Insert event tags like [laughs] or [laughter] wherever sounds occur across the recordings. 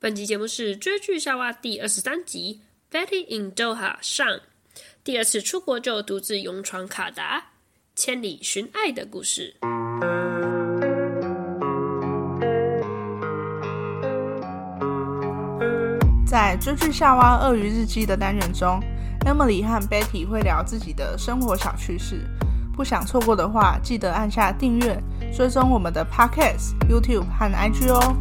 本集節目是《追劇夏娃》第二十三集，Betty in Doha 上，第二次出國就獨自勇闖卡達，千里尋愛的故事。在《追劇夏娃鱷魚日記》的單元中，Emily 和 Betty 會聊自己的生活小趣事。不想錯過的話，記得按下訂閱，追蹤我們的 Podcast、YouTube 和 IG 哦。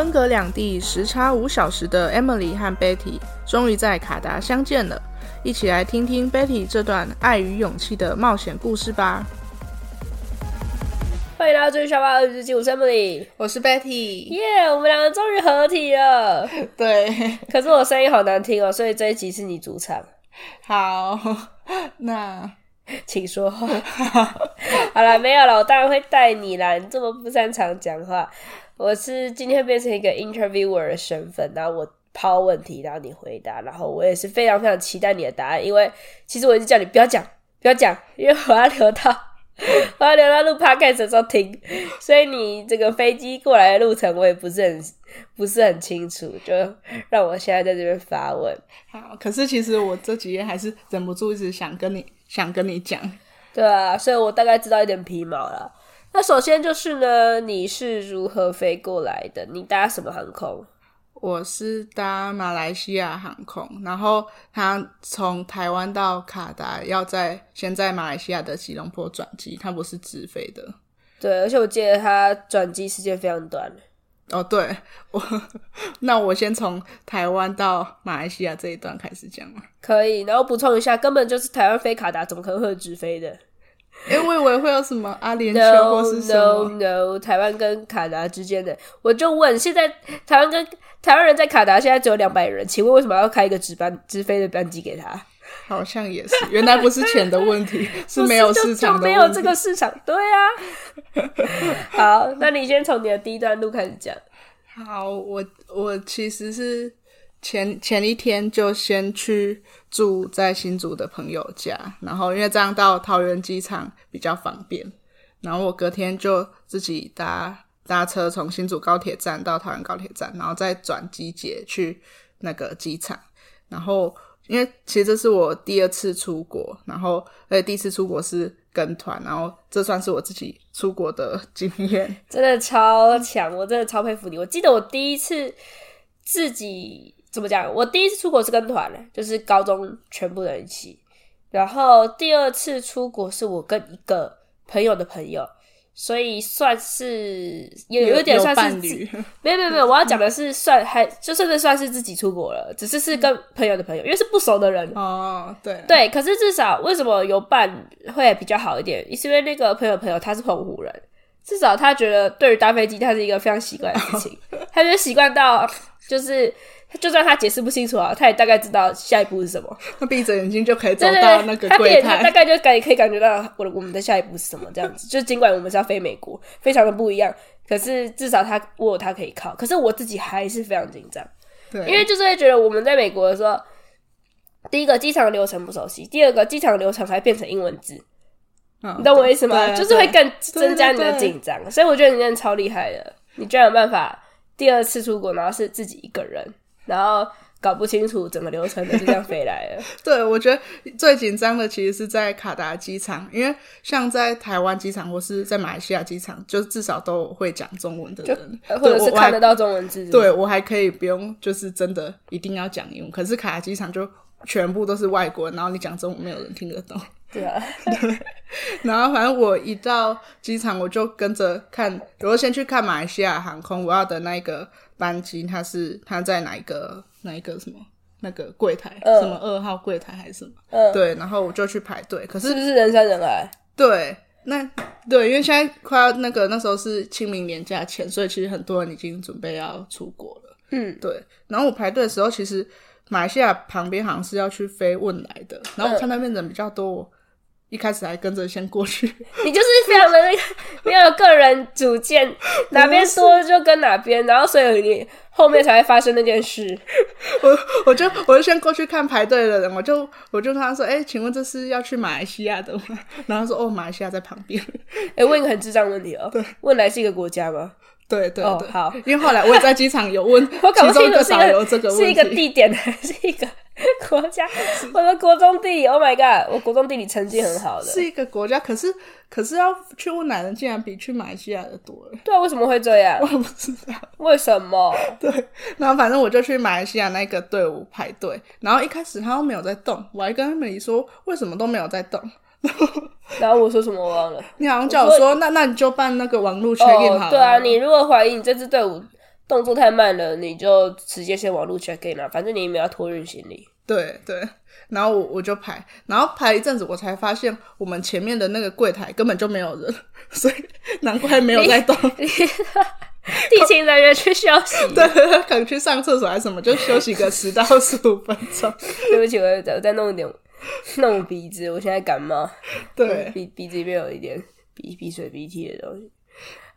分隔兩地、時差五小時的 Emily 和 Betty 終於在卡達相見了。一起來聽聽 Betty 這段愛與勇氣的冒險故事吧！歡迎大家收聽《鱷魚日記》我是 Emily，我是 Betty，耶！Yeah, 我們兩個終於合體了。對，可是我聲音好難聽哦、喔，所以這一集是你主場。好，那請說話。好了， [laughs] 沒有了，我當然會帶你來，你這麼不擅長講話。我是今天變成一個 interviewer 的身份，然後我拋問題，然後你回答，然後我也是非常非常期待你的答案，因為其實我一直叫你不要講，不要講，因為我要留到，我要留到錄 podcast 的時候停，所以你這個飛機過來的路程我也不是很不是很清楚，就讓我現在在這邊發問。好，可是其實我這幾天還是忍不住一直想跟你想跟你講，對啊，所以我大概知道一點皮毛了。那首先就是呢，你是如何飛過來的？你搭什麼航空？我是搭馬來西亞航空，然後他從台灣到卡達，要在，先在馬來西亞的吉隆坡轉機，他不是直飛的。對，而且我記得他轉機時間非常短。哦，對，我 [laughs] 那我先從台灣到馬來西亞這一段開始講了。可以，然後補充一下，根本就是台灣飛卡達，怎麼可能會直飛的？為、欸、我以為會有什麼阿聯酋或是什麼？No, no, no, 台灣跟卡達之間的，我就問，現在台灣跟台灣人在卡達現在只有兩百人，請問為什麼要開一個值班直飛的班機給他？好像也是，原來不是錢的問題， [laughs] 是沒有市場的問題，我沒有這個市場，對啊。 [laughs] 好，那你先從你的第一段路開始講。好，我我其實是。前前一天就先去住在新竹的朋友家，然後因為這樣到桃園機場比較方便。然後我隔天就自己搭搭車從新竹高鐵站到桃園高鐵站，然後再轉機捷去那個機場。然後因為其實這是我第二次出國，然後而且第一次出國是跟團，然後這算是我自己出國的經驗。真的超強，我真的超佩服你。我記得我第一次自己。怎麼講？我第一次出國是跟團，就是高中全部人一起。然後第二次出國是我跟一個朋友的朋友，所以算是也有有點算是伴侶 [laughs] 沒有沒有沒有，我要講的是算還就甚至算是自己出國了，只是是跟朋友的朋友，因為是不熟的人哦。對對，可是至少為什麼有伴會比較好一點？是因為那個朋友的朋友他是澎湖人，至少他覺得對於搭飛機他是一個非常習慣的事情，哦、他就習慣到就是。就算他解釋不清楚啊，他也大概知道下一步是什麼。他閉着眼睛就可以走到那個櫃檯。 [laughs] 他大概就感可以感覺到我的我們的下一步是什麼這樣子。 [laughs] 就儘管我們是要飛美國，非常的不一樣，可是至少他我有他可以靠。可是我自己還是非常緊張，對，因為就是會覺得我們在美國的時候，第一個機場流程不熟悉，第二個機場流程還變成英文字。哦，你懂我意思嗎？對對對，就是會更對對對對，增加你的緊張。所以我覺得你真的超厲害的，你居然有辦法第二次出國，然後是自己一個人。然後搞不清楚怎麼流程的，就這樣飛來了。 [laughs] 對，我覺得最緊張的其實是在卡達機場，因為像在台灣機場或是在馬來西亞機場，就至少都會講中文的人對，或者是看得到中文字。對，我還可以不用，就是真的一定要講英文。可是卡達機場就全部都是外國人，然後你講中文沒有人聽得懂。對啊，對。 [laughs] 然後反正我一到機場，我就跟着看，我就先去看馬來西亞航空我要的那一個班機，它是它在哪一個哪一個什麼那個櫃檯，嗯，什麼二號櫃檯還是什麼？嗯？對，然後我就去排隊。可是是不是人山人海？對，那對，因為現在快要那個那時候是清明年假前，所以其實很多人已經準備要出國了。嗯，對。然後我排隊的時候，其實馬來西亞旁邊好像是要去飛汶萊的，然後我看那邊人比較多。嗯一開始還跟着先過去，你就是非常的那個沒 [laughs] 有個人主見， [laughs] 哪邊說就跟哪邊，然後所以你後面才會發生那件事。我我就我就先過去看排隊的人，我就我就跟他說：“哎、欸，請問這是要去馬來西亞的嗎？”然後說：“哦，馬來西亞在旁邊。欸”哎，問一個很智障問題哦，問來是一個國家嗎？對對對，哦、好，因為後來我也在機場有問，其中一個導遊這個,問題 [laughs] 我搞不清不不是,一個是一個地點還是一個。 [laughs] 國家，我的國中地理，Oh my god，我國中地理成績很好的。是，是一個國家，可是可是要去問男人，竟然比去馬來西亞的多了。對啊，為什麼會這樣？我不知道為什麼。對，然後反正我就去馬來西亞那個隊伍排隊，然後一開始他都沒有在動，我還跟 Emily 說為什麼都沒有在動， [laughs] 然後我說什麼我忘了， [laughs] 你好像叫我說，我說那那你就辦那個網路 check in、哦、好啊對啊，你如果懷疑你這支隊伍。動作太慢了，你就直接先網路 check in 嘛，反正你也沒有要托運行李。對對，然後我我就排，然後排一陣子，我才發現我們前面的那個櫃檯根本就沒有人，所以難怪沒有在動。 [laughs] 地勤人員去休息， [laughs] 對，可能去上廁所還是什麼，就休息個十到十五分鐘。 [laughs] 對不起，我再再弄一點，弄鼻子，我現在感冒，對，鼻鼻子裡面有一點鼻鼻水、鼻涕的東西。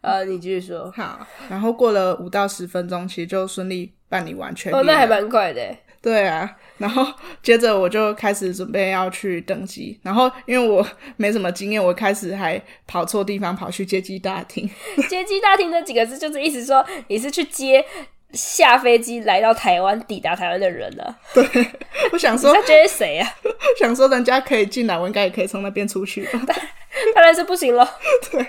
呃、啊，你繼續說。好，然後過了五到十分鐘，其實就順利辦理完全了。哦，那還蠻快的。對啊，然後接着我就開始準備要去登機，然後因為我沒什麼經驗，我開始還跑錯地方，跑去接機大廳。接機大廳這幾個字就是意思說，你是去接下飛機來到台灣、抵達台灣的人了。對，我想說，那接誰啊？想說人家可以進來，我應該也可以從那邊出去吧。 [laughs] 當然是不行了。 [laughs] 對，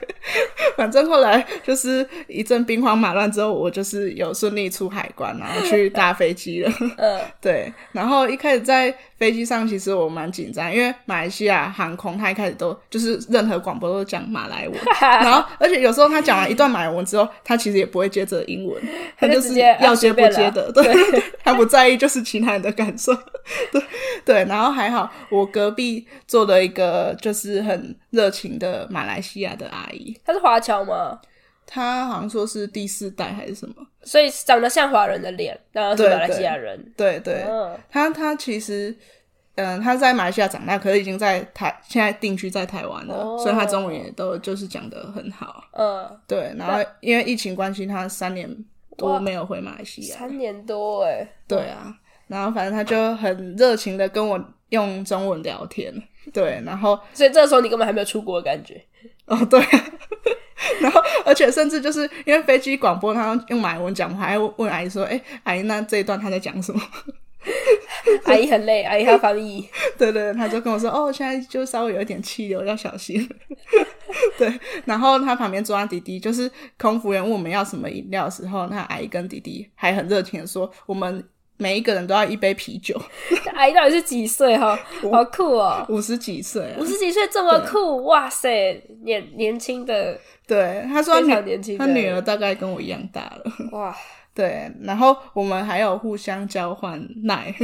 反正後來就是一陣兵荒馬亂之後，我就是有順利出海關，然後去搭飛機了。嗯、 [laughs] 呃，對。然後一開始在飛機上，其實我蠻緊張，因為馬來西亞航空他一開始都就是任何廣播都講馬來文， [laughs] 然後而且有時候他講完一段馬來文之後，他其實也不會接着英文， [laughs] 他就是要接不接的，對他 [laughs] 不在意，就是其他人的感受。對 [laughs] 對，然後還好，我隔壁坐了一個就是很熱情的馬來西亞的阿姨。她是華僑嗎？她好像說是第四代還是什麼，所以長得像華人的臉，然後是馬來西亞人。對對，對，她，嗯、她其實，嗯，她在馬來西亞長大，可是已經在台現在定居在台灣了，哦，所以她中文也都就是講得很好。嗯，對。然後因為疫情關係，她三年多沒有回馬來西亞。三年多，哎，對啊。然後反正他就很熱情的跟我用中文聊天，對，然後所以這個時候你根本還沒有出國的感覺？哦對啊， [laughs] 然後而且甚至就是因為飛機廣播他用馬來文講，我還問，問阿姨說，哎阿姨那這一段他在講什麼？ [laughs] 阿姨很累，阿姨要翻譯， [laughs] 對對，他就跟我說，哦現在就稍微有一點氣流要小心， [laughs] 對，然後他旁邊坐阿弟弟，就是空服員問我們要什麼飲料的時候，那阿姨跟弟弟還很熱情的說我們。每一個人都要一杯啤酒。 [laughs] 阿姨到底是幾歲哈？好酷哦、喔，五十幾歲，啊，五十幾歲這麼酷，哇塞，年年輕的，對，他說他女兒年輕，他女兒大概跟我一樣大了，哇，對，然後我們還有互相交換奶，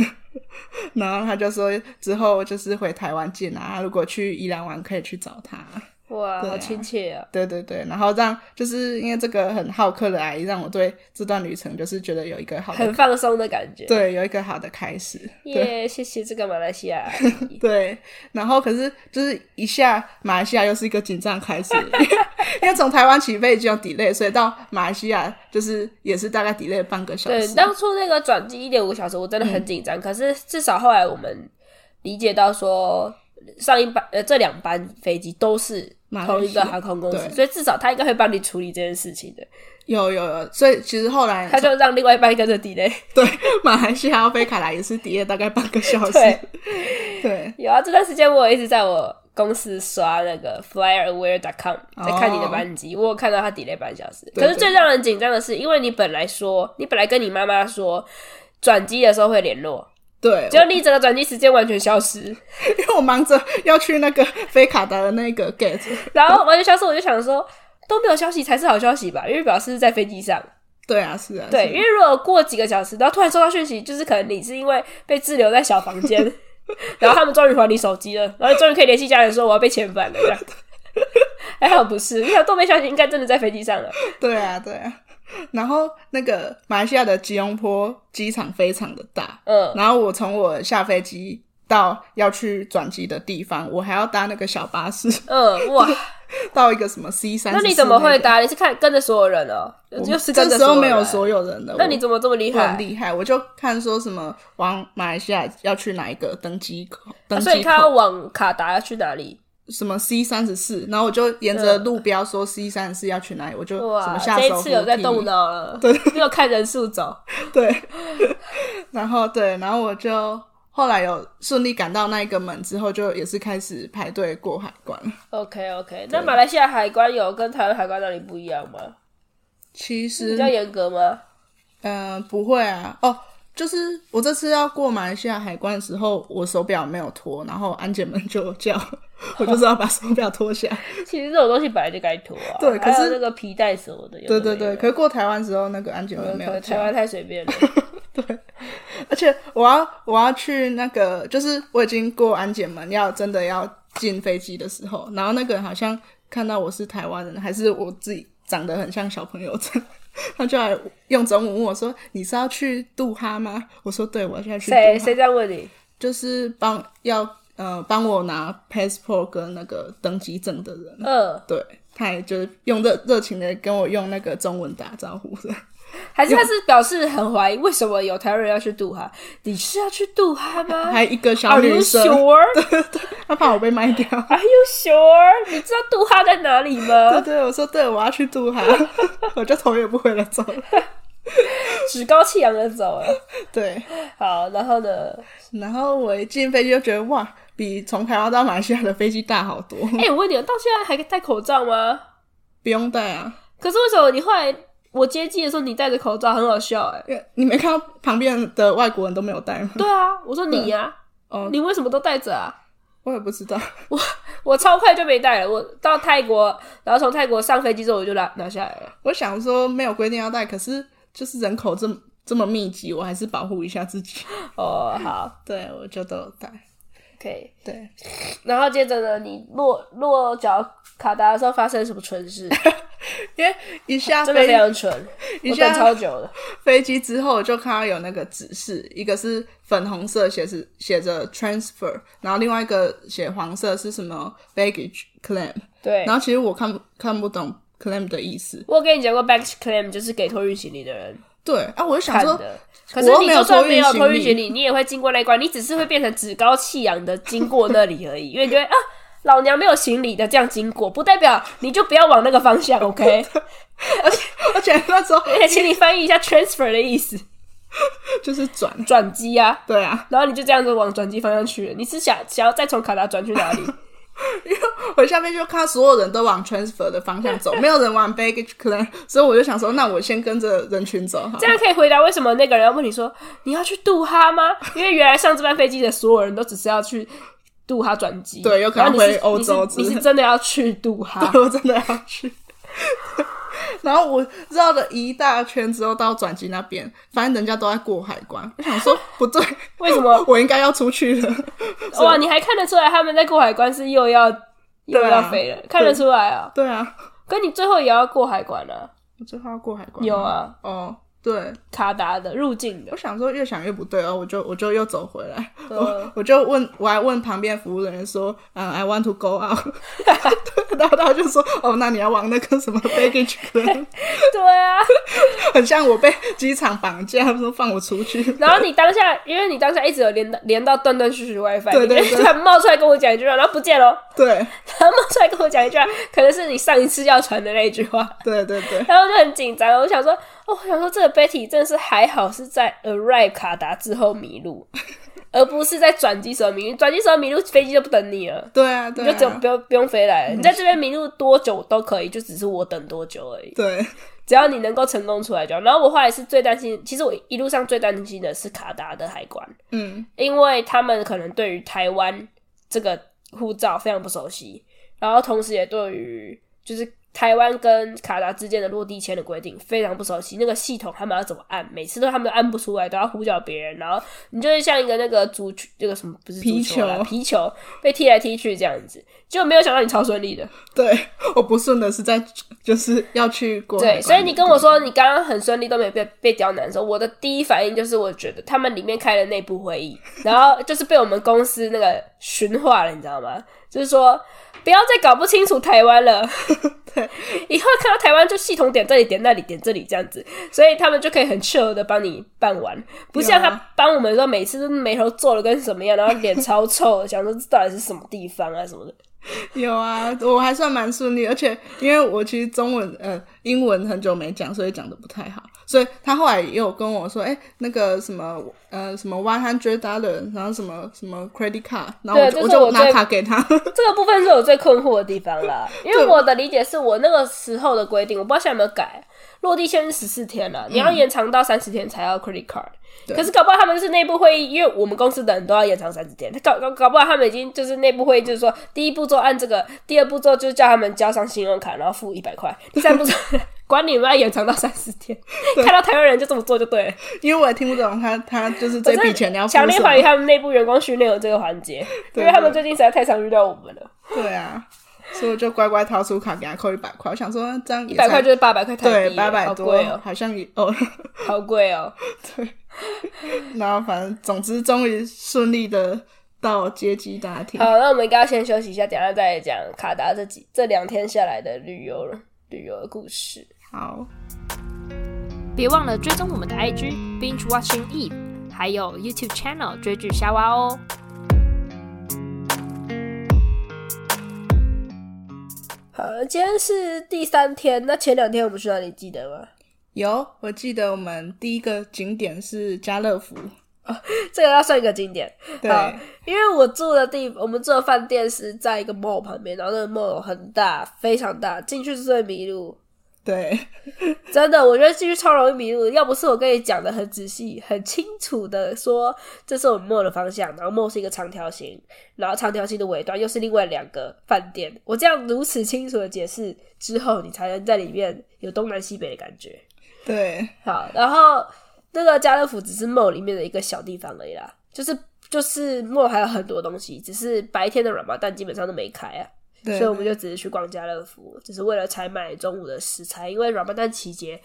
[laughs] 然後他就說之後就是回台灣見啊，如果去宜蘭玩，可以去找他。哇、啊，好親切啊！對對對，然後讓就是因為這個很好客的阿姨，讓我對這段旅程就是覺得有一個好的很放鬆的感覺。對，有一個好的開始。耶，謝謝這個馬來西亞阿姨 [laughs] 對，然後可是就是一下馬來西亞又是一個緊張開始， [laughs] 因為從台灣起飛就 delay，所以到馬來西亞就是也是大概 delay 半個小時。對，當初那個轉機一點五個小時，我真的很緊張、嗯。可是至少後來我們理解到說。上一班呃、這兩班飛機都是同一個航空公司，所以至少他應該會幫你處理這件事情的。有有有，所以其實後來他就讓另外一班跟着 delay。對，馬來西亞飛卡達也是 delay 大概半個小時 [laughs] 對。對，有啊，這段時間我有一直在我公司刷那個 flyaware.com 在看你的班機，oh. 我有看到他 delay 半小時。可是最讓人緊張的是，因為你本來說你本來跟你媽媽說轉機的時候會聯絡。對，就你整個轉機時間完全消失， [laughs] 因為我忙着要去那個飛卡達的那個 gate， [laughs] 然後完全消失，我就想說都沒有消息才是好消息吧，因為表示是在飛機上。對啊，是啊，對，啊、因為如果過幾個小時，然後突然收到訊息，就是可能你是因為被滯留在小房間， [laughs] 然後他們終於還你手機了，然後終於可以聯繫家人說我要被遣返了這樣。 [laughs] 還好不是，因為他都沒消息，應該真的在飛機上了。對啊，對啊。然後那個馬來西亞的吉隆坡機場非常的大，嗯，然後我從我下飛機到要去轉機的地方，我還要搭那個小巴士，嗯，哇， [laughs] 到一個什麼 C 三。那你怎麼會搭？你是看跟着所有人哦？我是跟着這時候沒有所有人的。那你怎麼這麼厲害？很厲害，我就看說什麼往馬來西亞要去哪一個登機口、登機口、啊、所以他要往卡達要去哪裡？什麼 C 三十四，然後我就沿着路標說 C 三十四，要去哪裡，嗯，我就什麼下手。這一次有在動腦了，對，又看人數走， [laughs] 對。然後對，然後我就後來有順利趕到那一個門之後，就也是開始排隊過海關。OK OK，那馬來西亞海關有跟台灣海關哪裡不一樣嗎？其實比較嚴格嗎？嗯、呃，不會啊，哦。就是我這次要過馬來西亞海關的時候，我手錶沒有脫，然後安檢門就叫，呵呵 [laughs] 我就是要把手表脫下來。其實這種東西本來就該脫啊。對，可是那個皮帶什麼的有沒有沒有。對對對，可是過台灣時候那個安檢門沒有脫。台灣太隨便了。 [laughs] 對，而且我要我要去那個，就是我已經過安檢門，要真的要進飛機的時候，然後那個人好像看到我是台灣人，還是我自己。長得很像小朋友的，他就來用中文問我說：“你是要去杜哈嗎？”我說：“對，我現在去。”誰誰在問你？就是幫要呃幫我拿 passport 跟那個登機證的人。嗯、呃，對，他也就是用熱熱情的跟我用那個中文打招呼的。還是他是表示很懷疑，為什麼有台灣人要去杜哈？你是要去杜哈嗎？還有一個小女生？Are you sure？對對對，他怕我被賣掉？Are you sure？你知道杜哈在哪裡嗎？對對，我說對，我要去杜哈， [laughs] 我就頭也不回的走了， [laughs] 趾高氣揚的走了。對，好，然後呢？然後我一進飛機就覺得哇，比從台灣到馬來西亞的飛機大好多。哎、欸，我問你，到現在還可以戴口罩嗎？不用戴啊。可是為什麼你後來？我接機的時候，你戴着口罩，很好笑哎、欸！你沒看到旁邊的外國人都沒有戴嗎？對啊，我說你呀、啊，哦，你為什麼都戴着啊？我也不知道，我我超快就沒戴了。我到泰國，然後從泰國上飛機之後，我就拿拿下來了。我想說沒有規定要戴，可是就是人口這麼這麼密集，我還是保護一下自己。哦，好，對，我就都有戴。OK，對。然後接着呢，你落落腳卡達的時候，發生什麼蠢事？ [laughs] 因、yeah, 為一下飛機、啊，一下超久了。飛機之後就看到有那個指示，一個是粉紅色寫着寫着 transfer，然後另外一個寫黃色是什麼 baggage claim。對，然後其實我看看不懂 claim 的意思。我跟你講過 baggage claim 就是給托運行李的人的。對，啊，我就想說的，可是你就算沒有 [laughs] 托運行李，你也會經過那一關，你只是會變成趾高氣揚的經過那裡而已， [laughs] 因為你覺得啊。老娘沒有行李的，這樣經過不代表你就不要往那個方向，OK？ [laughs] 而且而且他說，哎， [laughs] [laughs] 請你翻譯一下 “transfer” 的意思，就是轉轉機啊，對啊。然後你就這樣子往轉機方向去了。你是想想要再從卡達轉去哪裡？ [laughs] 因為我下面就看所有人都往 transfer 的方向走， [laughs] 沒有人往 baggage claim，所以我就想說，那我先跟着人群走，這樣可以回答為什麼那個人要問你說你要去杜哈嗎？因為原來上這班飛機的所有人都只是要去。杜哈轉機，對，有可能你回歐洲之你。你是真的要去杜哈？ [laughs] 我真的要去。 [laughs] 然後我繞了一大圈之後到轉機那邊，反正人家都在過海關。 [laughs] 我想說不對，為什麼？我應該要出去了。哇 [laughs] ，oh, 你還看得出來他們在過海關是又要、啊、又要飛了？看得出來啊、哦。對啊，可你最後也要過海關了。我最後要過海關。有啊，哦、oh.。對，卡達的入境的，我想說越想越不對哦，我就我就又走回來，oh. 我我就問，我還問旁邊服務的人說，嗯，um,I want to go out。 [laughs] [laughs] 然後他就說：“哦，那你要往那個什麼 baggage claim？” [laughs] 對啊， [laughs] 很像我被機場綁架，他說放我出去。然後你當下，因為你當下一直有連到連到斷斷續續 WiFi，對對對，你突然他冒出來跟我講一句話，然後不見了。對，然後冒出來跟我講一句話，可能是你上一次要傳的那句話。對對對。然後就很緊張，我想說，哦，我想說這個 Betty 真的是還好是在 arrive 卡達之後迷路。 [laughs] 而不是在轉機時候迷路，轉機時候迷路，飛機就不等你了。對啊，對啊，你就只不用不用飛來，你、嗯、在這邊迷路多久都可以，就只是我等多久而已。對，只要你能夠成功出來就好。然後我後來是最擔心，其實我一路上最擔心的是卡達的海關，嗯，因為他們可能對於台灣這個護照非常不熟悉，然後同時也對於就是。台灣跟卡達之間的落地簽的規定非常不熟悉，那個系統他們要怎麼按？每次都他們都按不出來，都要呼叫別人。然後你就是像一個那個足球，那、這個什麼不是足球皮球，皮球被踢來踢去這樣子，就沒有想到你超順利的。對，我不順的是在就是要去過。對，所以你跟我說你剛剛很順利都沒被被刁難的時候，我的第一反應就是我覺得他們裡面開了內部會議， [laughs] 然後就是被我們公司那個馴化了，你知道嗎？就是說。不要再搞不清楚台灣了。 [laughs] 對，以後看到台灣，就系統點這裡、點那裡、點這裡這樣子，所以他們就可以很 quick 的幫你辦完，不像他幫我們說每次眉頭皺的跟什麼樣，然後臉超臭， [laughs] 想說到底是什麼地方啊什麼的。 [laughs] 有啊，我還算蠻順利，而且因為我其實中文呃英文很久沒講，所以講得不太好，所以他後來又跟我說，哎、欸，那個什麼呃什麼 one hundred dollar，然後什麼什麼 credit card，然後我就、就是、我我就拿卡給他。 [laughs] 這個部分是我最困惑的地方啦，因為我的理解是我那個時候的規定，我不知道現在有沒有改。落地簽是十四天了，嗯，你要延長到三十天才要 credit card，可是搞不好他們就是內部會議，因為我們公司的人都要延長三十天。他搞搞搞不好他們已經就是內部會議，就是說第一步驟，按這個，第二步驟就是叫他們交上信用卡，然後付一百塊。第三步驟， [laughs] [laughs] 管你們要延長到三十天。看到台灣人就這麼做就對了。對，因為我也聽不懂他他，就是這筆錢要。強烈懷疑他們內部員工訓練有這個環節，因為他們最近實在太常遇到我們了。對啊。所以我就乖乖掏出卡給他扣一百塊，我想說、啊、這樣一百塊就是八百塊台幣，對，八百多、哦、多，好像哦，好貴哦，哦，對。然後反正總之終於順利的到接機大廳。 [laughs] 好，那我們應該先休息一下，等一下再講卡達這幾這兩天下來的旅遊了旅遊故事。好，別忘了追蹤我們的 IG Binge Watching Eve，還有 YouTube channel 追劇夏娃哦。好，今天是第三天。那前兩天我們去哪裡，你記得嗎？有，我記得我們第一個景點是家樂福。哦，這個要算一個景點。對。好，因為我住的地，我們住的飯店是在一個 mall 旁邊，然後那個 mall 很大，非常大，進去是最迷路。對 [laughs] 真的，我覺得進去超容易迷路。要不是我跟你講的很仔細、很清楚的說，這是我們 Mall 的方向，然後 Mall 是一個長條形，然後長條形的尾端又是另外兩個飯店。我這樣如此清楚的解釋之後，你才能在裡面有東南西北的感覺。對，好，然後那個家樂福只是 Mall 裡面的一個小地方而已啦，就是就是 Mall 還有很多東西，只是白天的 Ramadan 基本上都沒開啊。所以我們就只是去逛家樂福，只是為了採買中午的食材，因為 Ramadan 期間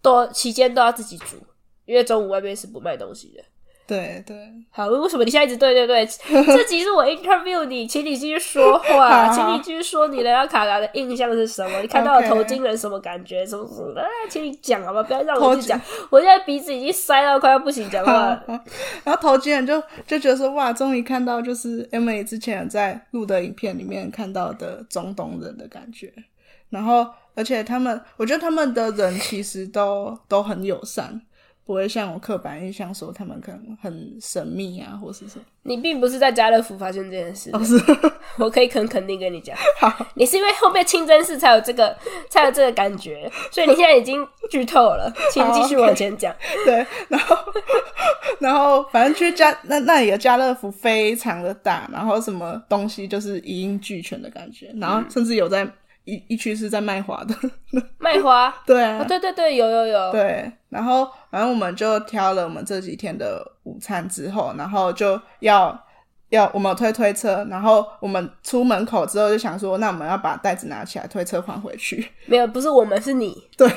都期間都要自己煮，因為中午外面是不賣東西的。對對，好，為什麼你現在一直對對對？ [laughs] 這集是我 interview 你，請你繼續說話， [laughs] 請你繼續說你的。要卡卡的印象是什麼？ [laughs] 你看到了頭巾人什麼感覺？什、okay. 麼什麼？啊，請你講好不好？不要讓我去講，我現在鼻子已經塞到快要不行，講話 [laughs] 然後頭巾人就就覺得說，哇，終於看到就是 M A 之前在錄的影片裡面看到的中東人的感覺。然後，而且他們，我覺得他們的人其實都都很友善。不會像我刻板印象說他們可能很神秘啊，或是什麼。你並不是在家樂福發現這件事？我、哦、是，我可以肯肯定跟你講。好，你是因為後面清真寺才有這個，才有這個感覺，所以你現在已經劇透了， [laughs] 請繼續往前講。對，然後，然後，然後反正家那那裡的家樂福非常的大，然後什麼東西就是一應俱全的感覺，然後甚至有在。嗯一一區是在賣花的，賣 [laughs] 花，對啊，哦，對對對，有有有，對，然後反正我們就挑了我們這幾天的午餐之後，然後就要要我們推推車，然後我們出門口之後就想說，那我們要把袋子拿起來推車還回去，沒有，不是我們是你，對，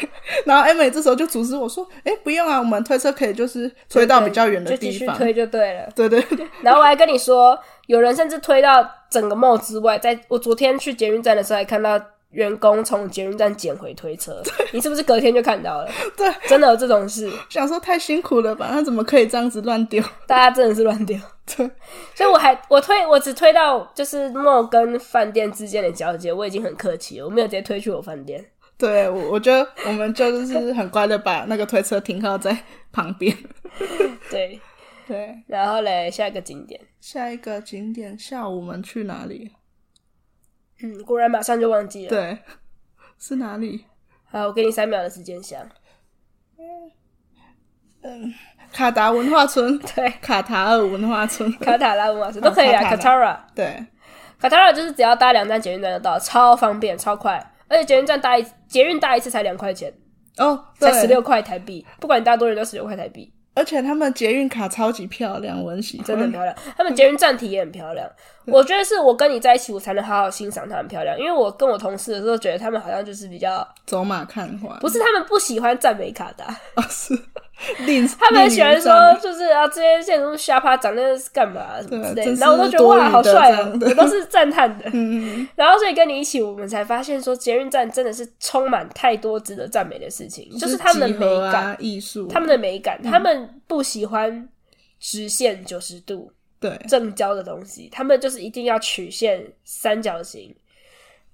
然後艾美這時候就阻止我說，哎，不用啊，我們推車可以就是推到比較遠的地方，就繼續推就對了，對對對， [laughs] 然後我還跟你說，有人甚至推到整個 mall 之外，在我昨天去捷運站的時候還看到。員工從捷運站撿回推車，你是不是隔天就看到了？對，真的有這種事。想說太辛苦了吧？那怎麼可以這樣子亂丟？大家真的是亂丟。對，所以我還我推我只推到就是莫跟飯店之間的交接，我已經很客氣了，我沒有直接推去我飯店。對，我我覺得我們就是很乖的把那個推車停靠在旁邊。 [laughs] 對對，然後嘞，下一個景點，下一個景點，下午我們去哪裡？嗯，果然馬上就忘記了。對，是哪裡？好，我給你三秒的時間想。嗯嗯，卡達文化村。對，卡塔爾文化村，卡塔拉文化村都可以啊，卡，卡塔拉。對，卡塔拉就是只要搭兩站捷運站就到，超方便，超快，而且捷運站搭一捷運搭一次才兩塊錢哦，對，才十六塊台幣，不管你搭多遠人都十六塊台幣。而且他們捷運卡超級漂亮，文喜真的很漂亮。 [laughs] 他們捷運站體也很漂亮， [laughs] 我覺得是我跟你在一起，我才能好好欣賞他們漂亮。因為我跟我同事的時候，覺得他們好像就是比較走馬看花，不是他們不喜歡讚美卡達、啊 [laughs] 哦，是。 [music] 他們喜歡說，就是啊， [music] 這些建、啊、是瞎爬長，得是幹嘛、啊、什麼之類的，的。然後我都覺得哇，好帥啊，我都是讚嘆的、 [laughs] 嗯。然後所以跟你一起，我們才發現說，捷運站真的是充滿太多值得讚美的事情，就是他們的美感、藝術、啊，他們的美感、嗯。他們不喜歡直線九十度對正交的東西，他們就是一定要曲線、三角形，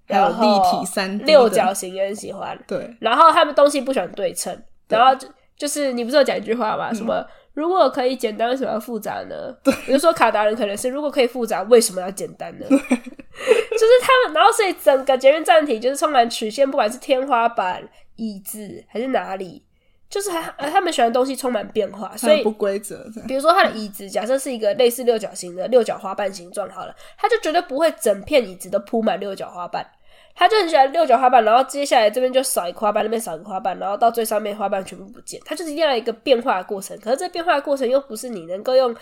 然後立體三六角形也很喜歡。對，然後他們東西不喜歡對稱，然後。就是你不是有講一句話嗎？嗯、什麼如果可以簡單，為什麼要複雜呢？對，比如說卡達人可能是如果可以複雜，為什麼要簡單呢？對，就是他們，然後所以整個捷運站體就是充滿曲線，不管是天花板、椅子還是哪裡，就是呃他們喜歡的東西充滿變化，所以不規則。比如說他的椅子，假設是一個類似六角形的六角花瓣形狀好了，他就絕對不會整片椅子都鋪滿六角花瓣。他就很喜歡六角花瓣，然後接下來這邊就少一個花瓣，那邊少一個花瓣，然後到最上面花瓣全部不見，他就是這樣一個變化的過程。可是這變化的過程又不是你能夠用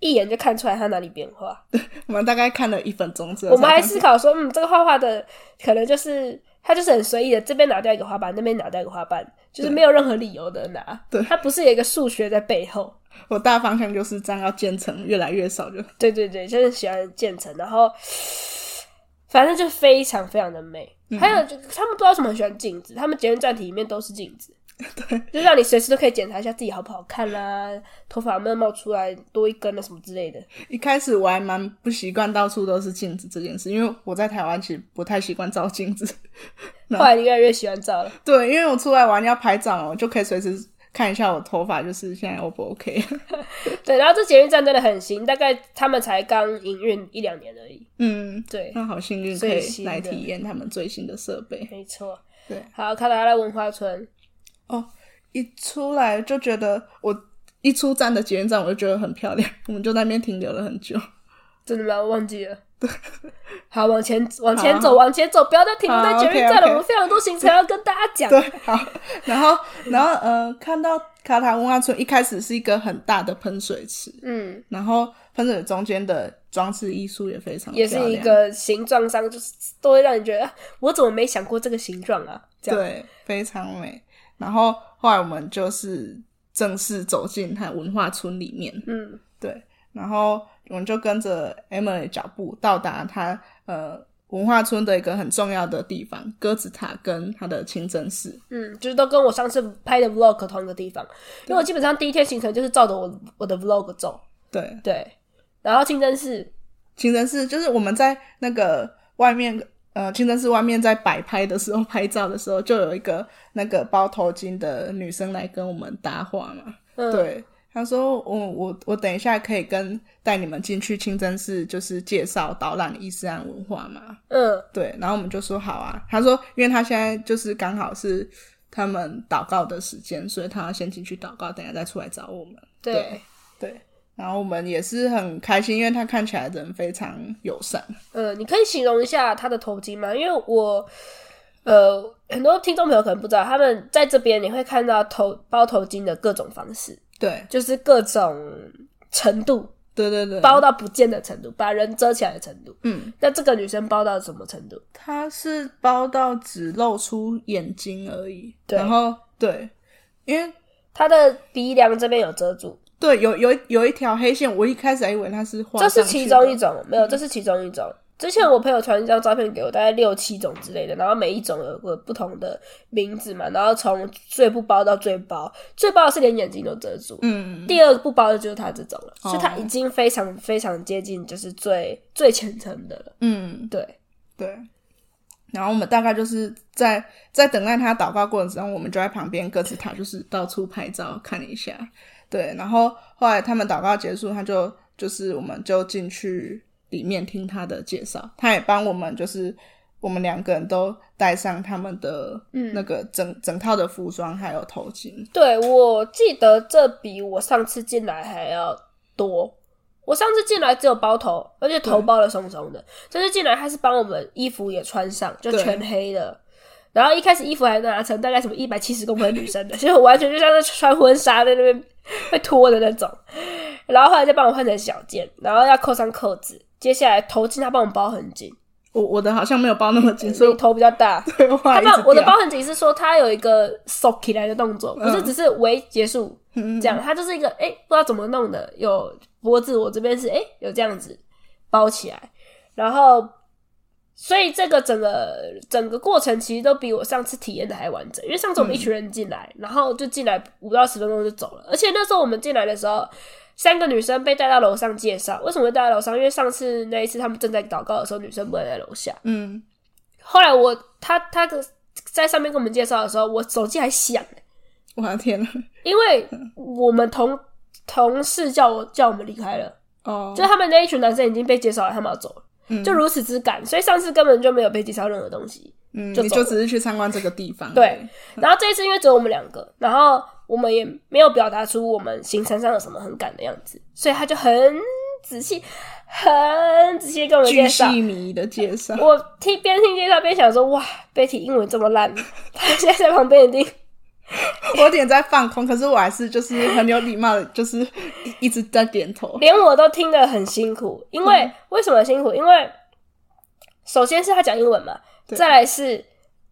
一眼就看出來它哪裡變化。對，我們大概看了一分鐘之後，我們還思考說，嗯，這個畫畫的可能就是他就是很隨意的，這邊拿掉一個花瓣，那邊拿掉一個花瓣，就是沒有任何理由的拿。對，他不是有一個數學在背後？我大方向就是這樣，要漸層越來越少就。對對對，就是喜歡漸層，然後。反正就非常非常的美，還有就他們不知道為什麼很喜歡鏡子。嗯，他們捷運站體裡面都是鏡子，對，就讓你隨時都可以檢查一下自己好不好看啦，啊，頭髮有沒有冒出來多一根啊什麼之類的。一開始我還蠻不習慣到處都是鏡子這件事，因為我在台灣其實不太習慣照鏡子，後來你越來越喜歡照了。對，因為我出來玩要拍照，我就可以隨時。看一下我頭髮，就是現在 O 不 OK？ [laughs] 對，然後這捷運站真的很新，大概他們才剛營運一兩年而已。嗯，對，他好幸運可以來體驗他們最新的設備。沒錯，對。好，看到他在文化村哦，一出來就覺得我一出站的捷運站我就覺得很漂亮，我們就在那邊停留了很久。真的嗎？我忘記了。 [laughs] 好，往前，往前走，往前走，不要再停在捷運站了。Okay, okay. 我們非常多行程要跟大家講。對。對，好。然後，然後，呃，看到卡塔文化村一開始是一個很大的噴水池，嗯，然後噴水中間的裝置藝術也非常，也是一個形狀上就是都會讓你覺得、啊、我怎麼沒想過這個形狀啊？這樣。對，非常美。然後後來我們就是正式走進它文化村裡面，嗯，對，然後。我們就跟着 Emily 腳步到達他呃文化村的一個很重要的地方——鴿子塔跟他的清真寺。嗯，就是都跟我上次拍的 vlog 同一個地方，因為我基本上第一天行程就是照着我我的 vlog 走。對對，然後清真寺，清真寺就是我們在那個外面呃清真寺外面在擺拍的時候拍照的時候，就有一個那個包頭巾的女生來跟我們搭話嘛。嗯，對。他說：“嗯、我我我等一下可以跟帶你們進去清真寺，就是介紹導覽伊斯蘭文化嘛。”嗯，對。然後我們就說好啊。他說：“因為他現在就是剛好是他們禱告的時間，所以他要先進去禱告，等一下再出來找我們。”對對對。然後我們也是很開心，因為他看起來人非常友善。嗯，你可以形容一下他的頭巾嗎？因為我呃，很多聽眾朋友可能不知道，他們在這邊你會看到頭包頭巾的各種方式。對，就是各種程度，對對對，包到不見的程度，把人遮起來的程度。嗯，那這個女生包到什麼程度？她是包到只露出眼睛而已。對，然後對，因為她的鼻梁這邊有遮住。對，有有有一條黑線，我一開始還以為她是畫。這是其中一種，嗯，沒有，這是其中一種。之前我朋友傳一張照片給我，大概六七種之類的，然後每一種有個不同的名字嘛，然後從最不包到最包，最包的是連眼睛都遮住，嗯，第二個不包的就是他這種了。哦，所以他已經非常非常接近，就是最最虔誠的了，嗯，對對，然後我們大概就是在在等待他禱告過程之中，我們就在旁邊各自他，就是到處拍照看一下，對，然後後來他們禱告結束，他就就是我們就進去。裡面聽他的介紹，他也幫我們就是我們兩個人都戴上他們的那個整、嗯、整套的服裝還有頭巾。對，我記得這比我上次進來還要多，我上次進來只有包頭，而且頭包的鬆松的。這次進來他是幫我們衣服也穿上，就全黑的。然後一開始衣服還能拿成大概什麼一百七十公分女生的， [laughs] 其實我完全就像是在穿婚紗在那邊被拖的那種。然後後來再幫我換成小件，然後要扣上扣子。接下來頭巾他幫我包很緊，我我的好像沒有包那麼緊、嗯嗯，所以頭比較大。對，他把我的包很緊是說他有一個收起來的動作，嗯、不是只是圍結束這樣，他、嗯、就是一個誒、欸、不知道怎麼弄的，有脖子我這邊是誒、欸、有這樣子包起來，然後所以這個整個整個過程其實都比我上次體驗的還完整，因為上次我們一群人進來、嗯，然後就進來五到十分鐘就走了，而且那時候我們進來的時候。三個女生被帶到樓上介紹，為什麼會帶到樓上？因為上次那一次他們正在禱告的時候，女生不會在樓下。嗯。後來我他他，他在上面跟我們介紹的時候，我手機還響。我的天吶，因為我們同 [laughs] 同事叫我叫我們離開了。哦、oh.。就他們那一群男生已經被介紹了，他們要走、嗯、就如此之趕，所以上次根本就沒有被介紹任何東西。嗯。就你就只是去參觀這個地方。 [laughs] 對、欸。然後這一次因為只有我們兩個，然後。我們也沒有表達出我們行程上有什麼很趕的樣子，所以他就很仔細、很仔細跟我們介紹。巨細靡遺的介紹。我聽邊聽介紹邊想說：“哇，Betty 英文這麼爛。 [laughs] ”他現在在旁邊一定我有點在放空，可是我還是就是很有禮貌的，就是一直在點頭。 [laughs] 連我都聽得很辛苦，因為、嗯、為什麼很辛苦？因為首先是他講英文嘛，再來是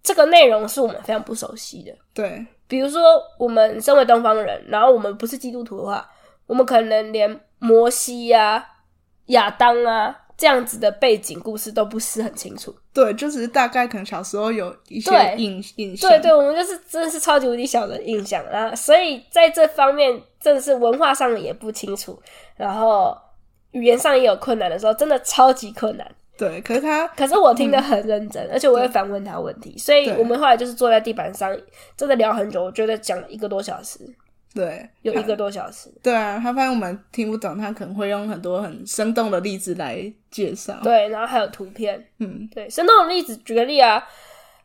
這個內容是我們非常不熟悉的。對。比如說，我們身為東方人，然後我們不是基督徒的話，我們可能連摩西啊、亞當啊這樣子的背景故事都不是很清楚。對，就只是大概可能小時候有一些印印象。對對，對，我們就是真的是超級無敵小的印象啊！所以在這方面，真的是文化上也不清楚，然後語言上也有困難的時候，真的超級困難。對，可是他，可是我聽得很認真，嗯、而且我會反問他問題，所以我們後來就是坐在地板上，真的聊很久，我覺得講了一個多小時，對，有一個多小時，對啊，他發現我們聽不懂，他可能會用很多很生動的例子來介紹，對，然後還有圖片，嗯，對，生動的例子，舉個例啊，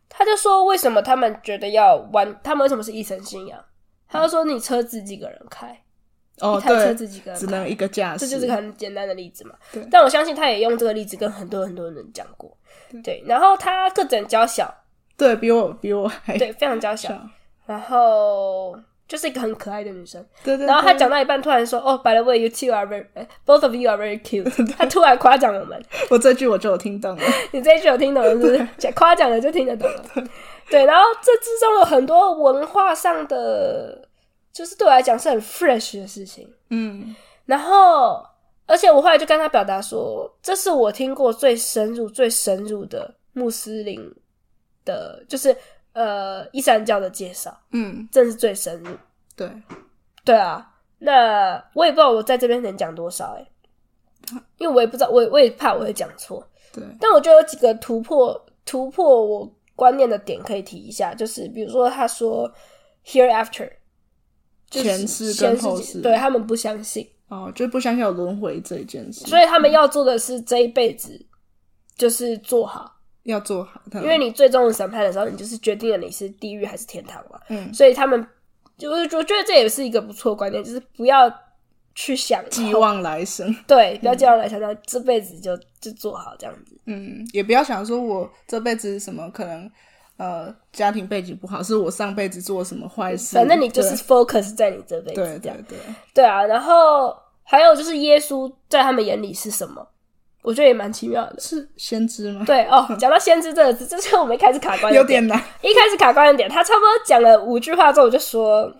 他就說為什麼他們覺得要玩，他們為什麼是一神信仰呀？他就說你車子幾個人開？哦、oh,，對，只能一個駕駛，這就，就是個很簡單的例子嘛。對，但我相信他也用這個例子跟很多很多人講過。對。對，然後他個子很嬌小，對比我，比我還。對，非常嬌小。然後就是一個很可愛的女生。對對對。然後他講到一半，突然說：“哦、oh,，By the way, you two are very, both of you are very cute。 [laughs] ”他突然誇獎我們。 [laughs] 我這句我就有聽懂了。 [laughs] 你這一句有聽懂了是不是，了，講誇獎了就聽得懂了。對。對然後這之中有很多文化上的。就是對我來講是很 fresh 的事情，嗯，然後而且我後來就跟他表達說，這是我聽過最深入、最深入的穆斯林的，就是呃伊斯蘭教的介紹，嗯，這是最深入，對，對啊，那我也不知道我在這邊能講多少哎，因為我也不知道，我也我也怕我會講錯，對，但我覺得有幾個突破突破我觀念的點可以提一下，就是比如說他說 hereafter。就是、前世跟後世跟，對他們不相信哦，就不相信有輪迴這一件事，所以他們要做的是這一輩子、嗯，就是做好，要做好。因為你最終的審判的時候，你就是決定了你是地獄還是天堂嘛。嗯，所以他們就是我覺得這也是一個不錯的觀念，就是不要去想寄望來生，對，不要寄望來生，那、嗯、這輩子就就做好這樣子。嗯，也不要想說我這輩子是什麼可能。呃，家庭背景不好，是我上輩子做什麼壞事？反正你就是 focus 在你這輩子這樣。對對,對對對，對啊。然後還有就是耶穌在他們眼裡是什麼？我覺得也蠻奇妙的。是先知嗎？對哦，講到先知 [laughs] 這個詞，之前我們一開始卡關一點，有點難。一開始卡關的點，他差不多講了五句話之後，就說。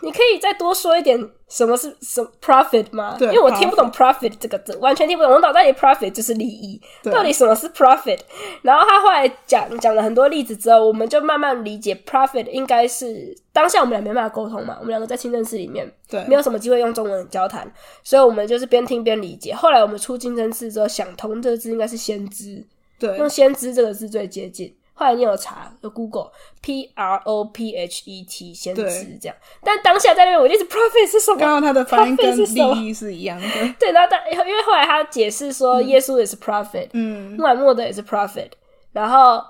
你可以再多說一點什麼是什麼 Prophet 嗎？對，因為我聽不懂 Prophet 這個字，完全聽不懂。我腦袋裡 profit 就是利益，對，到底什麼是 Prophet？然後他後來講講了很多例子之後，我們就慢慢理解 Prophet 應該是當下我們倆沒辦法溝通嘛，我們兩個在清真寺裡面，對，沒有什麼機會用中文交談，所以我們就是邊聽邊理解。後來我們出清真寺之後，想通這個字應該是先知，對，用先知這個字最接近。後來你有查有 Google P R O P H E T，先知這樣，但當下在那邊我一是 Prophet 是什麼？剛剛他的發音跟利益是一樣的。 [laughs] 對，然後因為後來他解釋說耶穌也是 Prophet，嗯，穆罕默德也是 Prophet，然後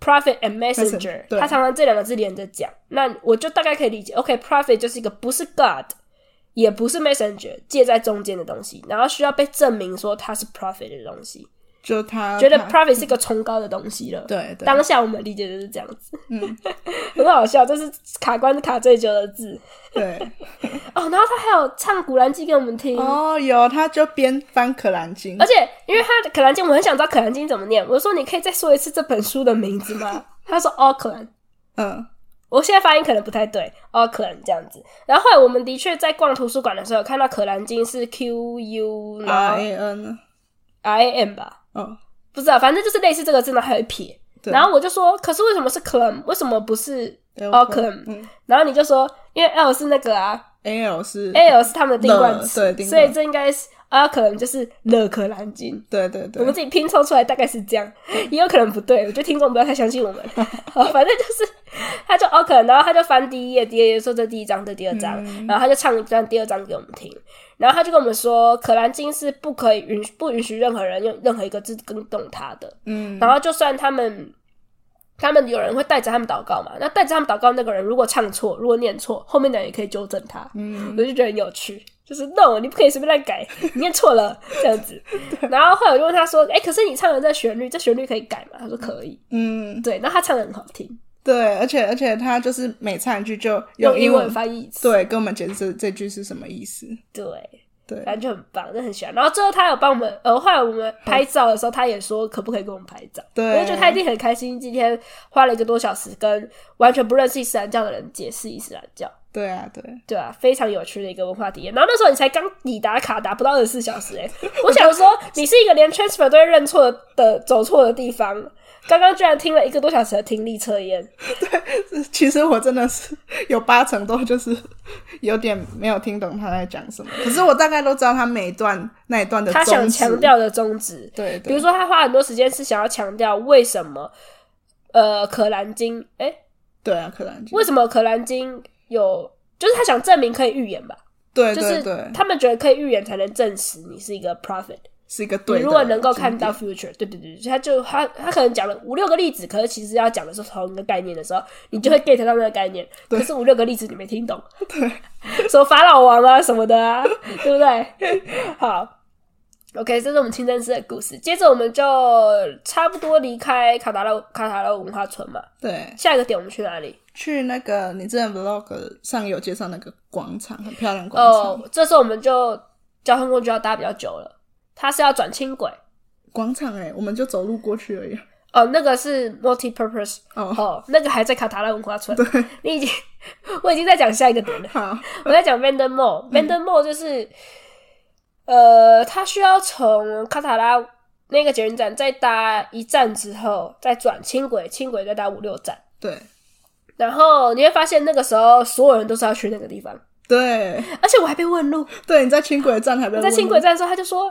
Prophet and Messenger，、嗯、他常常這兩個字連着講。那我就大概可以理解，OK，Prophet、okay, 就是一個不是 God，也不是 Messenger，借在中間的東西，然後需要被證明說他是 Prophet 的東西。就他覺得 private、嗯、是一個崇高的東西了對。對，當下我們理解就是這樣子。嗯， [laughs] 很好笑，這、就是卡關卡最久的字。 [laughs] 對，哦、 [laughs] oh,，然後他還有唱《古蘭經》給我們聽。哦、oh,，有，他就邊翻《可蘭經》，而且因為他《的可蘭經》，我很想知道《可蘭經》怎麼念。我說：“你可以再說一次這本書的名字嗎？” [laughs] 他說：“Auckland。”嗯，我現在發音可能不太對，Auckland 這樣子。然後後來我們的確在逛圖書館的時候看到可 QU,、oh.《可蘭經》是 Q U I N I am 吧。嗯哦，不知道，反正就是類似這個字，的還有一撇。然後我就說，可是為什麼是 clum，為什麼不是 ocum？然後你就說，因為 l 是那個啊，l 是 l 是他們的定冠詞，所以這應該是啊，可能就是 L 可蘭經。對對對，我們自己拼湊出來大概是這樣，也有可能不對，我覺得聽眾不要太相信我們。反正就是，他就 ocum，然後他就翻第一頁，第一頁說這第一章，這第二章，然後他就唱一段第二章給我們聽。然後他就跟我們說，可蘭經是不可以允不允許任何人用任何一個字更動它的。嗯，然後就算他們，他們有人會帶着他們禱告嘛，那帶着他們禱告那個人如果唱錯，如果念錯，後面的人也可以糾正他。嗯，我就覺得很有趣，就是 no，你不可以隨便亂改，你念錯了這樣子。 [laughs] 然後後來我就問他說：“哎、欸，可是你唱的這旋律，這旋律可以改嗎？”他說：“可以。”嗯，對。那他唱的很好聽。對，而且而且他就是每唱一句就用英文翻譯，對，跟我們解釋這，這句是什麼意思。對對，反正就很棒，真的很喜歡。然後最後他有幫我們，呃後來我們拍照的時候，嗯、他也說可不可以跟我們拍照。對，我覺得他一定很開心，今天花了一個多小時跟完全不認識伊斯蘭教的人解釋伊斯蘭教。對啊，對，對啊，非常有趣的一個文化體驗。然後那時候你才剛抵達卡達不到二十四小時誒、欸， [laughs] 我想說你是一個連 transfer 都會認錯的走錯的地方。剛剛居然聽了一個多小時的聽力測驗。對，其實我真的是有八成多，就是有點沒有聽懂他在講什麼。可是我大概都知道他每一段、那一段的他想強調的宗旨。對，對，對，比如說他花很多時間是想要強調為什麼，呃，可蘭經，誒、欸、對啊，可蘭經，為什麼可蘭經有？就是他想證明可以預言吧？對，對，對，就是他們覺得可以預言才能證實你是一個 prophet 是一個對的。你如果能夠看到 future，對對對，他就他他可能講了五六個例子，可是其實要講的是同一個概念的時候，你就會 get 到那個概念。嗯、可是五六個例子你沒聽懂，對， [laughs] 什麼法老王啊什麼的啊， [laughs] 對不對？好，OK，這是我們清真寺的故事。接着我們就差不多離開卡塔拉卡塔拉文化村嘛。對，下一個點我們去哪裡？去那個你之前 vlog 上有介紹那個廣場，很漂亮廣場。哦、oh，這次我們就交通工具要搭比較久了。他是要轉輕軌廣場誒、欸，我們就走路過去而已。哦，那個是 multipurpose、oh. 哦，那個還在卡塔拉文化村。對，你已經我已經在講下一個點了。好， [laughs] 我在講 Vendome Mall。Vendome Mall 就是，嗯、呃，他需要從卡塔拉那個捷運站再搭一站之後，再轉輕軌，輕軌再搭五六站。對。然後你會發現那個時候，所有人都是要去那個地方。對。而且我還被問路。對，你在輕軌站還沒有。在輕軌站的時候，他就說。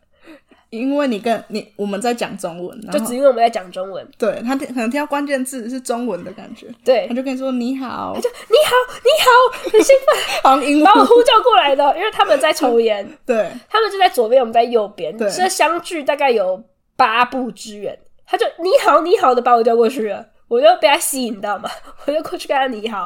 因為你跟你我們在講中文，就只因為我們在講中文，對他可能聽到關鍵字是中文的感覺，對，他就跟你說你好，他就你好你好很興奮， [laughs] 把我呼叫過來的，因為他們在抽菸， [laughs] 對他們就在左邊，我們在右邊，所以相距大概有八步之遠，他就你好你好的把我叫過去了，我就被他吸引到嘛，我就過去跟他你好，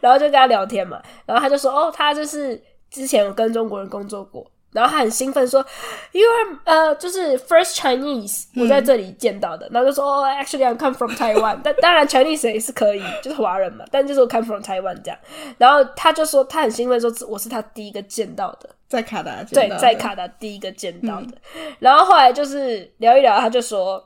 然後就跟他聊天嘛，然後他就說哦，他就是之前有跟中國人工作過。然後他很興奮說，You are 呃，就是 first Chinese 我在這裡見到的。嗯、然後就說哦、oh，actually I come from Taiwan [laughs] 但。但當然，Chinese 也是可以，就是華人嘛。但就是我 come from Taiwan 這樣。然後他就說，他很興奮說，我是他第一個見到的，在卡達見到的。對，在卡達第一個見到的、嗯。然後後來就是聊一聊，他就說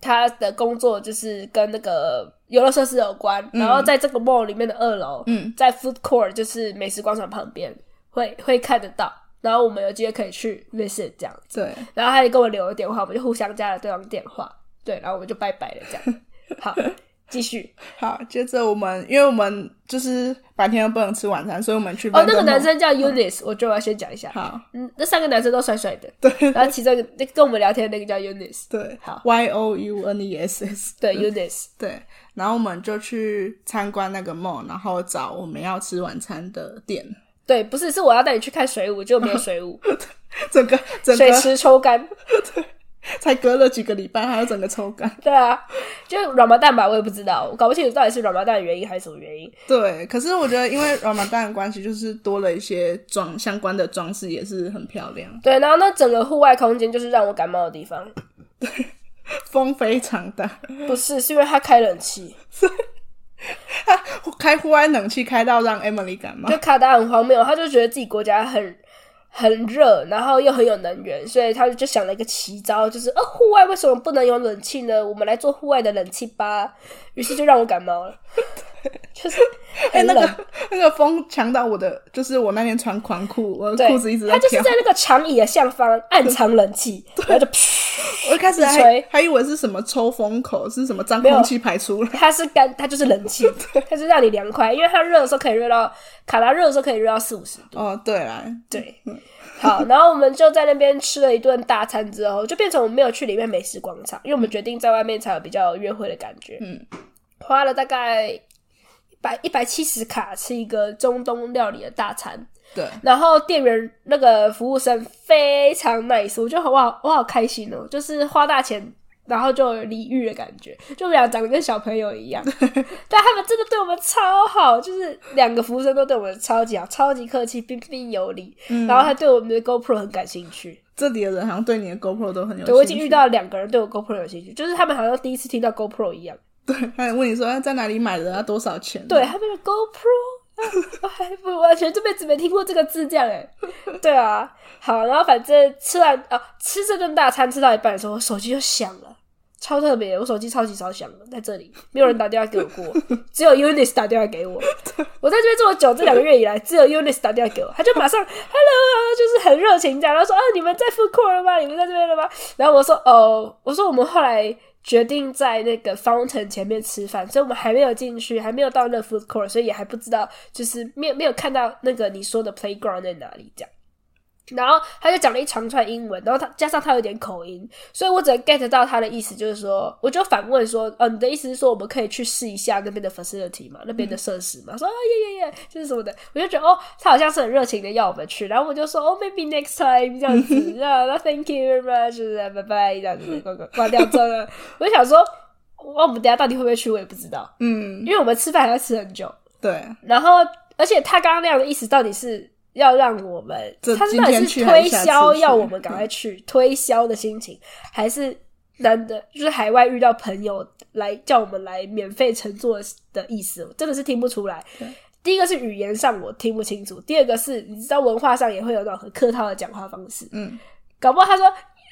他的工作就是跟那個遊樂設施有關、嗯。然後在這個 mall 裡面的二樓，嗯，在 food court 就是美食廣場旁邊、嗯、會會看得到。然後我們有機會可以去 visit 這樣對。然後他也給我留了電話，我們就互相加了對方電話，對。然後我們就拜拜了這樣。 [laughs] 好，繼續。好，接着我們，因為我們就是白天又不能吃晚餐，所以我們去。哦，那個男生叫 Youness，、嗯、我就要先講一下。好，嗯，那三個男生都帥帥的，對。 [laughs] 然後其中跟我們聊天的那個叫 Youness，對。好，Y O U N E S S，對，Youness，對,對,對,對,對。然後我們就去參觀那個 mall，然後找我們要吃晚餐的店。對，不是，是我要帶你去看水舞，就沒有水舞，哦、整個水池抽乾，才隔了幾個禮拜，還要整個抽乾。對啊，就 Ramadan 吧，我也不知道，我搞不清楚到底是 Ramadan 的原因還是什麼原因。對，可是我覺得因為 Ramadan 的關係，就是多了一些裝 [laughs] 相關的裝飾，也是很漂亮。對，然後那整個戶外空間就是讓我感冒的地方，對，風非常大。不是，是因為它開冷氣。 [laughs] [laughs] 開戶外冷氣開到讓 Emily 感冒，就卡達很荒謬，他就覺得自己國家很很熱，然後又很有能源，所以他就想了一個奇招，就是呃、戶外為什麼不能有冷氣呢？我們來做戶外的冷氣吧，於是就讓我感冒了。 [laughs] 就是哎、欸，那個那個風強到我的，就是我那天穿寬褲，我的褲子一直在它，就是在那個長椅的下方暗藏冷氣， [laughs] 我就，我開始一吹，還以為是什麼抽風口，是什麼髒空氣排出來。它是乾，它就是冷氣，它 [laughs] 是讓你涼快，因為它熱的時候可以熱到，卡達熱的時候可以熱到四五十度。哦，對啦，對，好，然後我們就在那邊吃了一頓大餐之後，就變成我們沒有去裡面美食廣場，因為我們決定在外面才有比較有約會的感覺。嗯，花了大概。一百一百七十卡吃一個中東料理的大餐，對，然後店員那個服務生非常 nice，我覺得哇好，好開心哦，就是花大錢然後就有禮遇的感覺，就我們倆長得跟小朋友一樣，但他們真的對我們超好，就是兩個服務生都對我們超級好，超級客氣，彬彬有禮，嗯。然後他對我們的 GoPro 很感興趣，這裡的人好像對你的 GoPro 都很有興趣。對，我已經遇到兩個人對我 GoPro 有興趣，就是他們好像第一次聽到 GoPro 一樣。對他問你說他，啊、在哪裡買的？要，啊、多少錢呢？對，他那個 GoPro，啊、我還不完全這輩子沒聽過這個字，這樣誒，對啊，好，然後反正吃完啊，吃這頓大餐吃到一半的時候，我手機就響了，超特別，我手機超級超響的，在這裡沒有人打電話給我過，過 [laughs] 只有 Unis 打電話給我。 [laughs] 我在這邊這麼久，這兩個月以來，只有 Unis 打電話給我，他就馬上 [laughs] Hello，就是很熱情這樣，然後說啊，你們在 food court 了嗎？你們在這邊了嗎？然後我說哦，我說我們後來。決定在那個 fountain 前面吃飯，所以我們還沒有進去，還沒有到那 food court，所以也還不知道，就是沒有沒有看到那個你說的 playground 在哪裡這樣。然後他就講了一長串英文，然後他加上他有點口音，所以我只能 get 到他的意思，就是說，我就反問說，嗯、哦，你的意思是說我們可以去試一下那邊的 facility 嘛，那邊的設施嘛，嗯？說啊、哦、yeah yeah yeah，就是什麼的，我就覺得哦，他好像是很熱情的要我們去，然後我就說，哦，maybe next time 這樣子，那 [laughs] thank you very much，拜拜，這樣子，關掉走了。 [laughs] 我就想說，哇，哦，我們等下到底會不會去，我也不知道，嗯，因為我們吃飯還要吃很久，對，然後而且他剛剛那樣的意思到底是？要讓我們，這，它到底是推銷，要我們趕快去推銷的心情、嗯，還是難得，就是海外遇到朋友來叫我們來免費乘坐的意思，我真的是聽不出來。第一個是語言上我聽不清楚，第二個是你知道文化上也會有那種很客套的講話方式。嗯，搞不好他說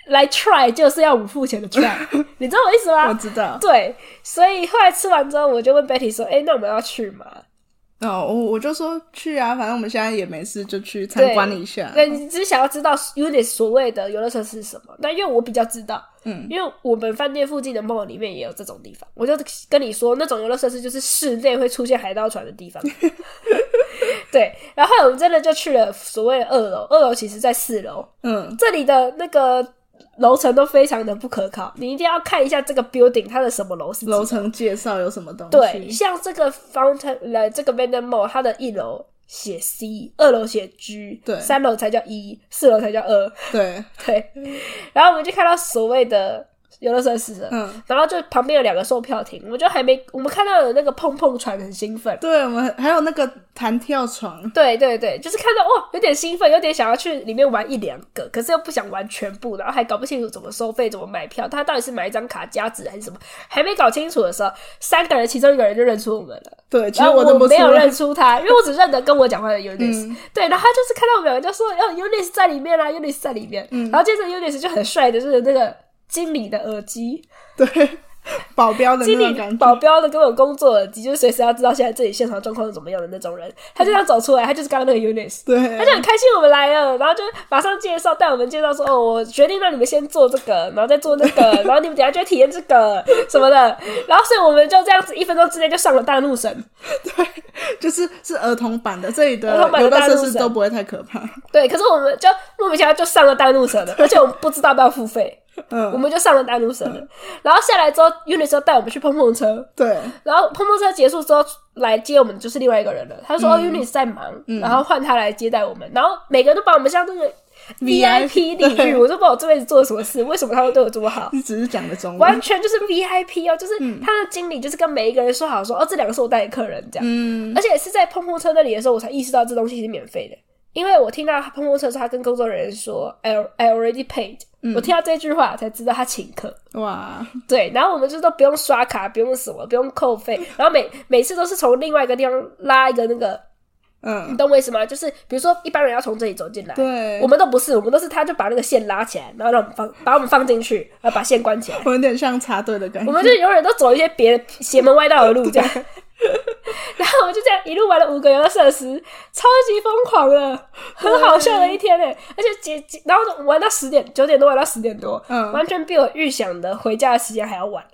來 try 就是要我們付錢的 try， [laughs] 你知道我意思嗎？我知道。對，所以後來吃完之後，我就問 Betty 說：“哎、欸，那我們要去嗎？”哦，我我就說去啊，反正我們現在也沒事，就去參觀一下。對，對你只是想要知道有點所謂的遊樂設施是什麼？但因為我比較知道，嗯，因為我們飯店附近的 mall 裡面也有這種地方，我就跟你說，那種遊樂設施就是室內會出現海盜船的地方。 [laughs] [laughs] 對，然後我們真的就去了所謂二樓，二樓其實在四樓。嗯，這裡的那個。樓層都非常的不可靠，你一定要看一下這個 building 它的什麼樓是樓層介紹有什麼東西？對，像這個 fountain，呃、這個 Vendôme 它的一樓寫 C，二樓寫 G，對，三樓才叫一、e，四樓才叫二，對 [laughs] 對。然後我們就看到所謂的。有的時候是的，嗯，然後就旁邊有兩個售票亭，我們就還沒，我們看到有那個碰碰船，很興奮，對，我們還有那個彈跳床，對對對，就是看到哇，有點興奮，有點想要去裡面玩一兩個，可是又不想玩全部，然後還搞不清楚怎麼收費，怎麼買票，他到底是買一張卡加值還是什麼，還沒搞清楚的時候，三個人其中一個人就認出我們了，對，然後我沒有認出他，因為我只認得跟我講話的 UNIS，、嗯、對，然後他就是看到我們兩個就說，要 UNIS 在裡面啦、啊、，UNIS 在裡面，嗯、然後接着 UNIS 就很帥的就是那個。經理的耳機，對保鏢的感覺，經理保鏢的各種工作耳機，就是隨時要知道現在自己現場狀況是怎麼樣的那種人。嗯、他就這樣走出來，他就是剛剛那個 UNIS，對，他就很開心我們來了，然後就馬上介紹帶我們介紹說：“哦，我決定讓你們先做這個，然後再做那個， [laughs] 然後你們等一下就會體驗這個什麼的。 [laughs] ”然後所以我們就這樣子一分鐘之內就上了大路神，對，就是是兒童版的這裡的，、呃、的單路神事都不會太可怕，對。可是我們就莫名其妙就上了大路神的，而且我們不知道要付費。嗯，我們就上了大怒神了，嗯，然後下來之後，UNI 是帶我們去碰碰車，對。然後碰碰車結束之後來接我們就是另外一個人了。他說，嗯哦、UNI 在忙，嗯，然後換他來接待我們。然後每個人都把我們像這個 VIP 禮遇，我都不知道我這輩子做了什麼事，為什麼他會對我這麼好？一直是講的中文，完全就是 VIP 哦，就是他的經理就是跟每一個人說好說，嗯，哦，這兩個是我帶的客人這樣。嗯，而且是在碰碰車那裡的時候，我才意識到這東西是免費的，因為我聽到碰碰車說他跟工作人員說，I I already paid。我聽到這句話才知道他請客、嗯、哇！對，然後我們就都不用刷卡，不用什麼，不用扣費，然後每每次都是從另外一個地方拉一個那個。嗯，你懂我意思嗎？就是比如說一般人要從這裡走進來，對，我們都不是，我們都是他就把那個線拉起來，然後讓我們放，把我們放進去，然後把線關起來， [laughs] 我有點像插隊的感覺。我們就永遠都走一些別的邪門歪道的路，這樣。 [laughs] 對 [laughs] 然後我們就這樣一路玩了五個遊樂設施，超級瘋狂啊，很好笑的一天誒，而且姐，然後玩到十點九點多，玩到十點多，嗯，完全比我預想的回家的時間還要晚。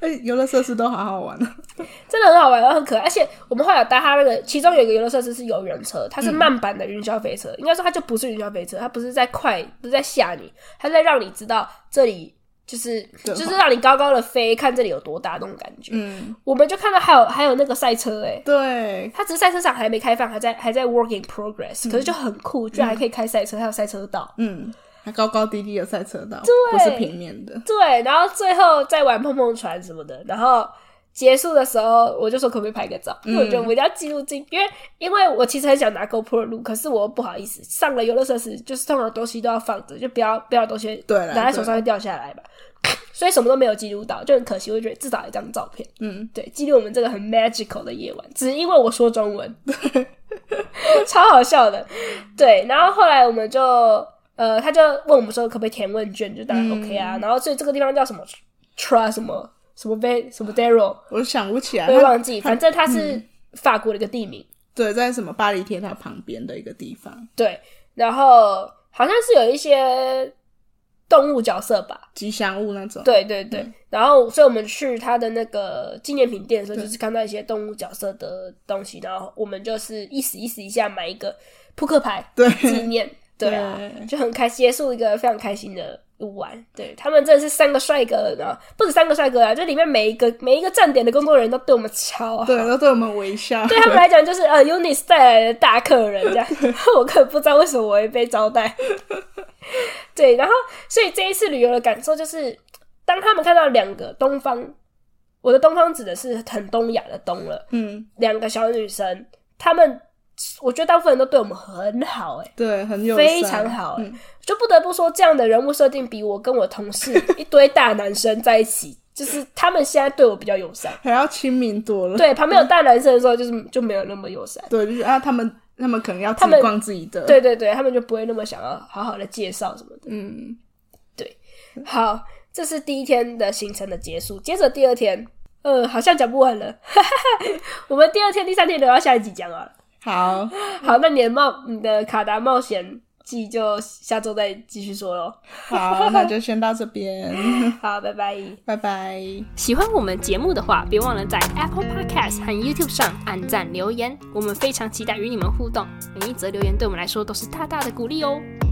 哎、欸，遊樂設施都好好玩啊， [laughs] 真的很好玩，然後很可愛。而且我們後來搭它那個，其中有一個遊樂設施是遊園車，它是慢版的雲霄飛車。嗯、應該說它就不是雲霄飛車，它不是在快，不是在嚇你，它是在讓你知道這裡就是，就是讓你高高的飛，看這裡有多大那種感覺。嗯，我們就看到還有還有那個賽車哎、欸，對，它只是賽車場還沒開放，還在還在 working progress，可是就很酷，居、嗯、然還可以開賽車、嗯，還有賽車道，嗯。還高高低低的賽車道，對，不是平面的。對，然後最後再玩碰碰船什麼的，然後結束的時候，我就說可不可以拍個照？因、嗯、為我覺得我一定要記錄進，因為因為我其實很想拿 GoPro 錄，可是我又不好意思上了遊樂設施，就是通常東西都要放着，就不要不要東西，對，拿在手上會掉下來吧，所以什麼都沒有記錄到，就很可惜。我覺得至少一張照片，嗯，對，記錄我們這個很 magical 的夜晚，只是因為我說中文， [laughs] 超好笑的，對。然後後來我們就。呃，他就問我們說可不可以填問卷、嗯，就當然 OK 啊。然後所以這個地方叫什麼 Tr？什麼什麼 bay 什,什麼 Daryl？我想不起來，不會忘記。他他反正它是法國的一個地名。嗯、對，在什麼巴黎鐵塔旁邊的一個地方。對，然後好像是有一些動物角色吧，吉祥物那種。對對對。嗯、然後，所以我們去他的那個紀念品店的時候，就是看到一些動物角色的東西，然後我們就是意思意思一下買一個撲克牌，對紀念。 [laughs] 對啊，yeah. 就很開心，結束一個非常開心的遊玩。對他們，真的是三個帥哥，然後不止三個帥哥啊，就裡面每一個每一個站點的工作人員都對我們超好，對，都對我們微笑。對他們來講，就是呃 UNICE 帶來的大客人，這樣 [laughs] 我可不知道為什麼我會被招待。 [laughs] 對，然後所以這一次旅遊的感受就是，當他們看到兩個東方，我的東方指的是很東亞的東了，嗯，兩個小女生，他們。我覺得大部分人都對我們很好哎、欸，對，很友善非常好哎、欸，嗯，就不得不說，這樣的人物設定比我跟我同事 [laughs] 一堆大男生在一起，就是他們現在對我比較友善，還要親民多了。對，旁邊有大男生的時候，就是就沒有那麼友善。對，就是啊，他們他們可能要自己逛自己的，對對對，他們就不會那麼想要好好的介紹什麼的。嗯，對，好，這是第一天的行程的結束，接着第二天，呃，好像講不完了， [laughs] 我們第二天、第三天留到下一集講啊。好 [laughs] 好，那你的冒你的卡達冒險記就下周再繼續說嘍。 [laughs] 好，那就先到這邊。 [laughs] 好，拜拜，拜拜。喜歡我們節目的話，別忘了在 Apple Podcast 和 YouTube 上按讚留言，我們非常期待與你們互動。每一則留言對我們來說都是大大的鼓勵哦。